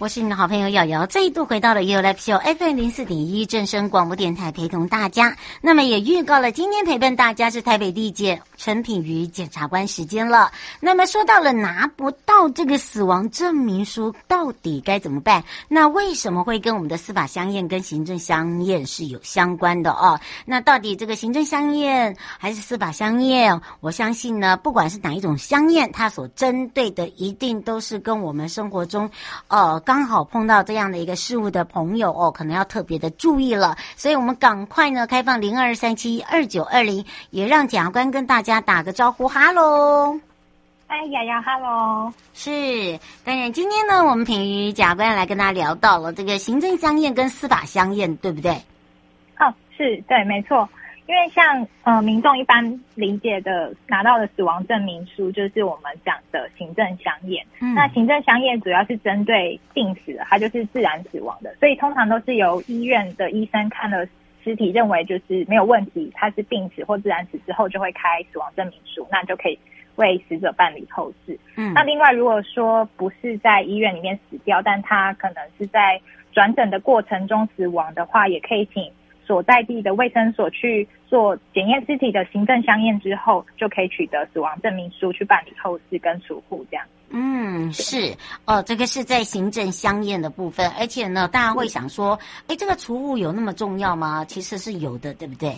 我是你的好朋友瑤瑤，這一度回到了 U Life Show FM 零四點一正聲廣播電台，陪同大家。那麼也預告了今天陪伴大家是台北地檢陳品妤檢察官時間了。那麼說到了拿不到這個死亡證明書到底該怎麼辦？那為什麼會跟我們的司法相驗跟行政相驗是有相關的哦？那到底這個行政相驗還是司法相驗？我相信呢，不管是哪一種相驗，它所針對的一定都是跟我們生活中，呃。剛好碰到這樣的一個事物的朋友哦，可能要特別的注意了。所以我們趕快呢，開放零二三七二九二零，也讓檢察官跟大家打個招呼哈嘍。哎呀呀，哈嘍。哎，丫丫，哈嘍。是，當然今天呢，我們品妤檢察官來跟大家聊到了這個行政相驗跟司法相驗，對不對？哦，是對，沒錯。因為像呃民眾一般理解的拿到的死亡證明書，就是我們講的行政相驗。嗯，那行政相驗主要是針對病死的，它，就是自然死亡的，所以通常都是由醫院的醫生看了屍體，認為就是沒有問題，它是病死或自然死之後，就會開死亡證明書，那就可以為死者辦理後事。嗯，那另外如果說不是在醫院裡面死掉，但他可能是在轉診的過程中死亡的話，也可以請所在地的衛生所去做檢驗屍體的行政相驗之後，就可以取得死亡證明書，去辦理後事跟除戶這樣。嗯，是，哦，這個是在行政相驗的部分，而且呢，大家會想說，哎、欸，這個除戶有那麼重要嗎？其實是有的，對不對？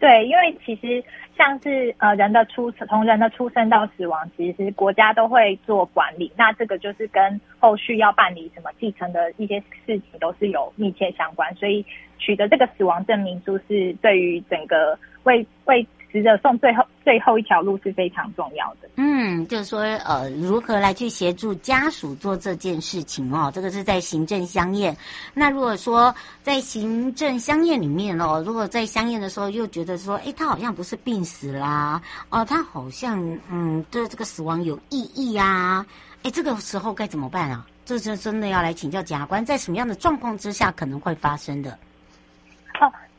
對，因為其實像是呃人的出從人的出生到死亡，其實國家都會做管理，那這個就是跟後續要辦理什麼繼承的一些事情都是有密切相關，所以取得這個死亡證明書是對於整個為為。未其實送最後最後一條路是非常重要的。嗯，就是說，呃，如何來去協助家屬做這件事情哦？這個是在行政相驗。那如果說在行政相驗裡面哦，如果在相驗的時候又覺得說，誒，他好像不是病死啦、啊，哦、呃，他好像嗯，對這個死亡有異議呀，哎，這個時候該怎麼辦啊？這、就、這、是、真的要來請教檢察官，在什麼樣的狀況之下可能會發生的？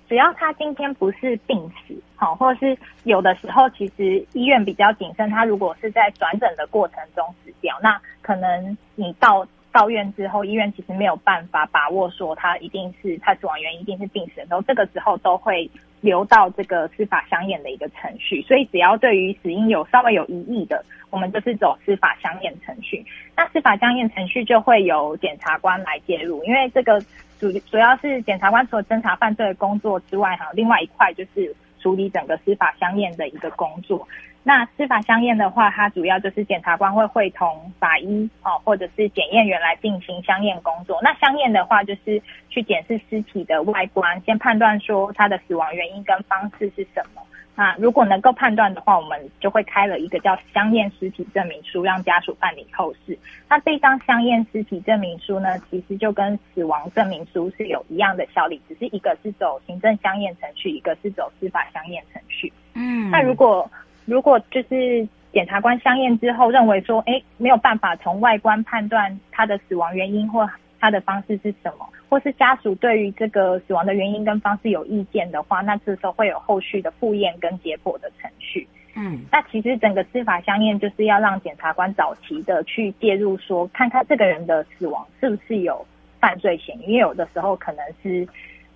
只要他今天不是病死，好，哦，或者是有的時候，其實醫院比較謹慎。他如果是在轉診的過程中死掉，那可能你到到院之後，醫院其實沒有辦法把握說他一定是他死亡原因一定是病死，然後，這個時候都會留到這個司法相驗的一個程序。所以，只要對於死因有稍微有疑義的，我們就是走司法相驗程序。那司法相驗程序就會由檢察官來介入，因為這個。主主要是檢察官除了偵查犯罪的工作之外，哈，另外一塊就是處理整個司法相驗的一個工作。那司法相驗的話，它主要就是檢察官會會同法醫哦，或者是檢驗員來進行相驗工作。那相驗的話，就是去檢視屍體的外觀，先判斷說他的死亡原因跟方式是什麼。那、啊、如果能夠判斷的話，我們就會開了一個叫相驗屍體證明書，讓家屬辦理後事。那這張相驗屍體證明書呢，其實就跟死亡證明書是有一樣的效力，只是一個是走行政相驗程序，一個是走司法相驗程序。嗯，那如果如果就是檢察官相驗之後認為說，哎、欸，沒有辦法從外觀判斷他的死亡原因或他的方式是什麼？或是家屬對於這個死亡的原因跟方式有意見的話，那這時候會有後續的複驗跟解剖的程序。嗯，那其實整個司法相驗就是要讓檢察官早期的去介入說，說看看這個人的死亡是不是有犯罪嫌疑。因為有的時候可能是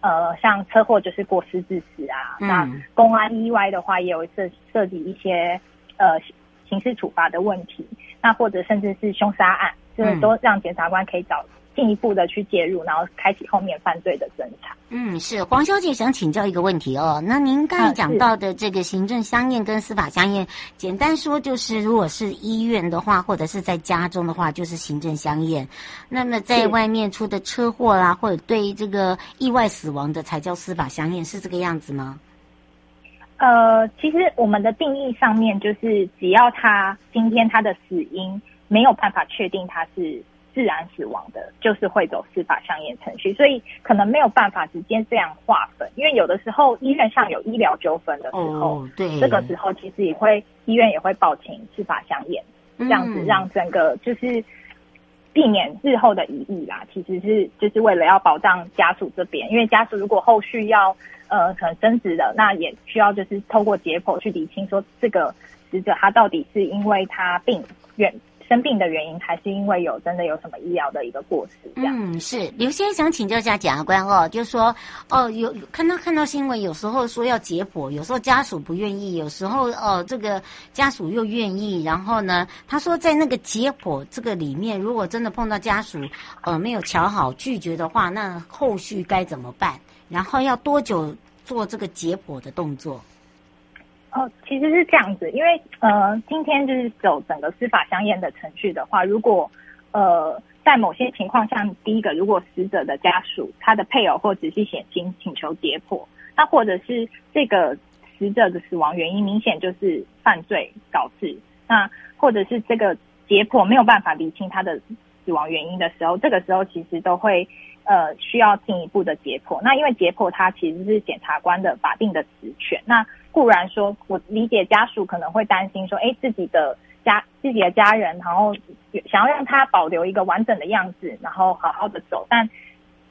呃，像車禍就是過失致死啊，嗯，那公安意外的話也有涉涉及一些呃刑事處罰的問題，那或者甚至是凶殺案，就是都讓檢察官可以早。嗯進一步的去介入，然後開啟後面犯罪的偵查。嗯，是黃小姐想請教一個問題哦。那您剛才講到的這個行政相驗跟司法相驗，嗯、簡單說就是，如果是醫院的話，或者是在家中的話，就是行政相驗；那麼在外面出的車禍啦，是或者對這個意外死亡的，才叫司法相驗，是這個樣子嗎？呃，其實我們的定義上面，就是只要他今天他的死因沒有辦法確定，他是。自然死亡的，就是會走司法相驗程序，所以可能沒有辦法直接這樣劃分，因為有的時候醫院上有醫療糾紛的時候，哦、對，這個時候其實也會醫院也會報請司法相驗，嗯、這樣子，讓整個就是避免日後的疑義啦。其實是就是為了要保障家屬這邊，因為家屬如果後續要呃可能爭執的，那也需要就是透過解剖去理清說這個死者他到底是因為他病院，生病的原因還是因為有真的有什麼醫療的一個過失，嗯，是劉先生想請教一下檢察官哦，就說哦、呃，有看到看到新聞，有時候說要解剖，有時候家屬不願意，有時候哦、呃，這個家屬又願意，然後呢，他說在那個解剖這個裡面，如果真的碰到家屬呃沒有瞧好拒絕的話，那後續該怎麼辦？然後要多久做這個解剖的動作？哦，其實是這樣子，因為呃，今天就是走整個司法相驗的程序的話，如果呃，在某些情況下，第一個，如果死者的家屬他的配偶或直系血親請求解剖，那或者是這個死者的死亡原因明顯就是犯罪導致，那或者是這個解剖沒有辦法釐清他的死亡原因的時候，這個時候其實都會。呃，需要進一步的解剖。那因為解剖，它其實是檢察官的法定的職權。那固然說，我理解家屬可能會擔心說，哎、欸，自己的家、自己的家人，然後想要讓他保留一個完整的樣子，然後好好的走。但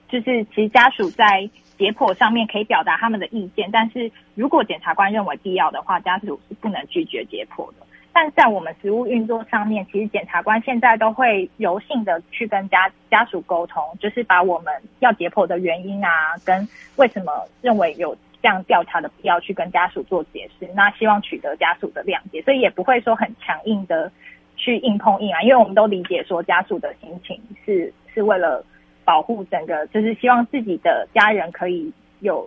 就是，其實家屬在解剖上面可以表達他們的意見，但是如果檢察官認為必要的話，家屬是不能拒絕解剖的。但在我們實務運作上面，其實檢察官現在都會柔性的去跟家家屬溝通，就是把我們要解剖的原因啊，跟為什麼認為有這樣調查的必要，去跟家屬做解釋，那希望取得家屬的諒解，所以也不會說很強硬的去硬碰硬啊，因為我們都理解說家屬的心情是是為了保護整個，就是希望自己的家人可以有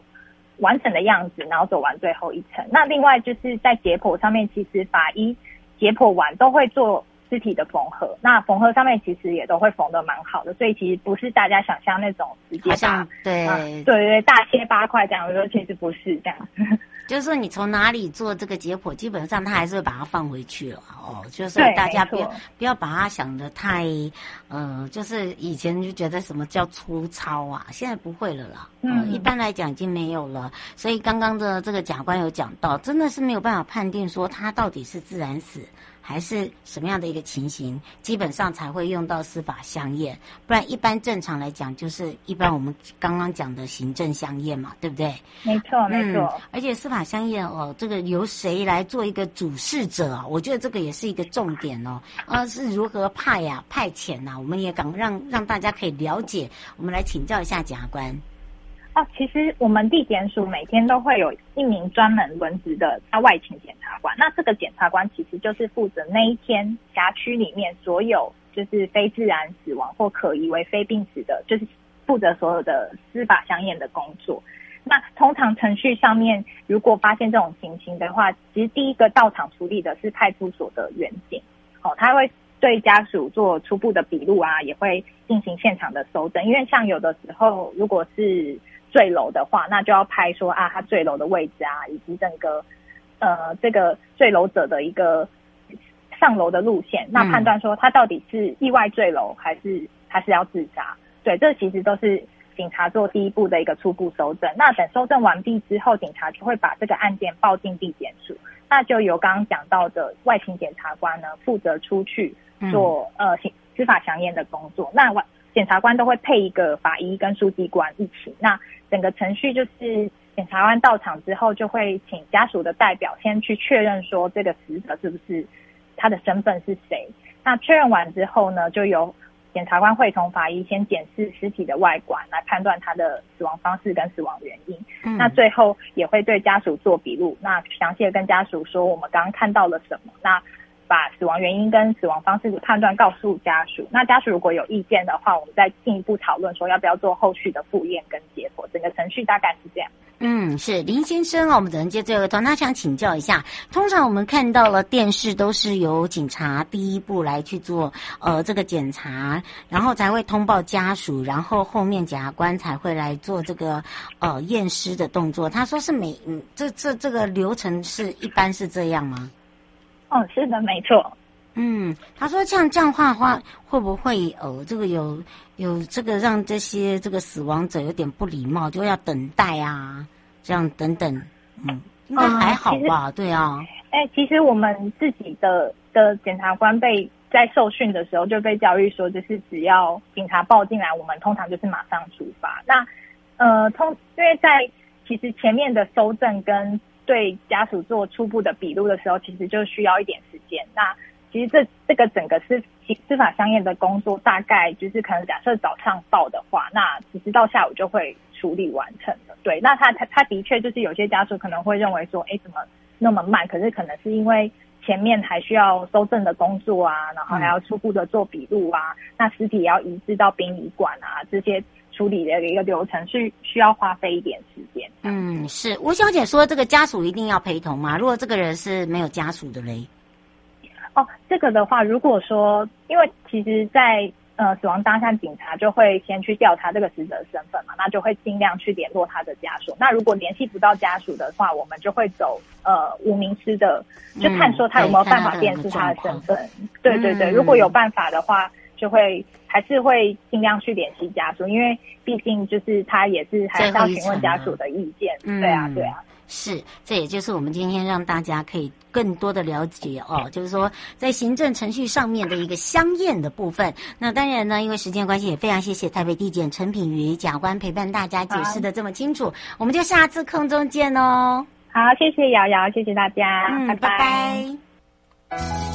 完整的樣子，然後走完最後一程。那另外就是在解剖上面，其實法醫。解剖完都會做。體的縫合，那縫合上面其實也都會縫得蠻好的，所以其實不是大家想象那種直接好像對、啊、對對對大卸八塊這樣，我說其實不是這樣。就是說你從哪裡做這個解剖，基本上他還是會把它放回去了、啊、哦。就是大家不要不要，不要把它想得太，嗯、呃，就是以前就覺得什麼叫粗糙啊，現在不會了啦。嗯、呃，一般來講已經沒有了。所以剛剛的這個假官有講到，真的是沒有辦法判定說他到底是自然死。還是什麼樣的一個情形，基本上才會用到司法相驗，不然一般正常來講就是一般我們剛剛講的行政相驗嘛，對不對？沒錯，嗯、沒錯。而且司法相驗哦，這個由誰來做一個主事者啊？我覺得這個也是一個重點哦。啊，是如何派呀、啊、派遣吶、啊？我們也敢讓讓大家可以了解，我們來請教一下檢察官。哦，其實我們地檢署每天都會有一名專門輪值的，外勤檢察官。那這個檢察官其實就是負責那一天轄區裡面所有就是非自然死亡或可疑為非病死的，就是負責所有的司法相驗的工作。那通常程序上面，如果發現這種情形的話，其實第一個到場處理的是派出所的員警。哦，他會對家屬做初步的筆錄啊，也會進行現場的搜證。因為像有的時候，如果是墜樓的話，那就要拍說啊，他墜樓的位置啊，以及整個呃這個墜樓者的一個上樓的路線，嗯、那判斷說他到底是意外墜樓還是還是要自殺？對，這其實都是警察做第一步的一個初步搜證。那等搜證完畢之後，警察就會把這個案件報進地檢署，那就由剛剛講到的外勤檢察官呢負責出去做呃刑司法相驗的工作。嗯、那外。檢察官都會配一個法醫跟書記官一起，那整個程序就是檢察官到場之後，就會請家屬的代表先去確認說這個死者是不是他的身份是誰。那確認完之後呢，就由檢察官會同法醫先檢視屍體的外觀，來判斷他的死亡方式跟死亡原因。那最後也會對家屬做筆錄，那詳細地跟家屬說我們剛剛看到了什麼。那把死亡原因跟死亡方式的判斷告訴家屬，那家屬如果有意見的話，我們再進一步討論，說要不要做後續的複驗跟解剖，整個程序大概是這樣。嗯，是林先生啊，我們只能接這個通。他想請教一下，通常我們看到了電視，都是由警察第一步來去做呃這個檢查，然後才會通報家屬，然後後面檢察官才會來做這個呃驗屍的動作。他說是每、嗯、這這這個流程是一般是這樣嗎？哦、嗯，是的，沒錯。嗯，他說，這樣這樣的話話、嗯、會不會呃這個有有這個讓這些這個死亡者有點不禮貌，就要等待啊，這樣等等。嗯，那、嗯嗯、還好吧？對啊。哎、欸，其實我們自己的的檢察官被在受訓的時候就被教育說，就是只要警察報進來，我們通常就是馬上出發。那呃，通因為在其實前面的搜證跟對家屬做初步的筆錄的時候，其實就需要一點時間。那其實這這個整個司司法相驗的工作，大概就是可能假設早上報的話，那其實到下午就會處理完成了。對，那他他他的確就是有些家屬可能會認為說，哎，怎麼那麼慢？可是可能是因為前面還需要搜證的工作啊，然後還要初步的做筆錄啊，那屍體也要移至到殯儀館啊這些。處理的一個流程是需要花費一點時間。嗯，是吳小姐說，這個家屬一定要陪同嗎？如果這個人是沒有家屬的嘞？哦，這個的話，如果說，因為其實在，在呃死亡當下，警察就會先去調查這個死者的身份嘛，那就會盡量去聯絡他的家屬。那如果聯繫不到家屬的話，我們就會走呃無名屍的，就看說他有沒有、嗯、辦法辨識他的身份。對對對，嗯、如果有辦法的話，就會。還是會盡量去聯繫家屬，因為畢竟就是他也是還是要詢問家屬的意見。啊嗯、對啊，對啊。是，這也就是我們今天讓大家可以更多的了解哦，就是說在行政程序上面的一個相驗的部分。那當然呢，因為時間關係，也非常謝謝台北地檢陳品妤檢察官陪伴大家解釋得這麼清楚。啊、我們就下次空中見哦。好，謝謝瑤瑤，謝謝大家，嗯、拜拜。拜拜。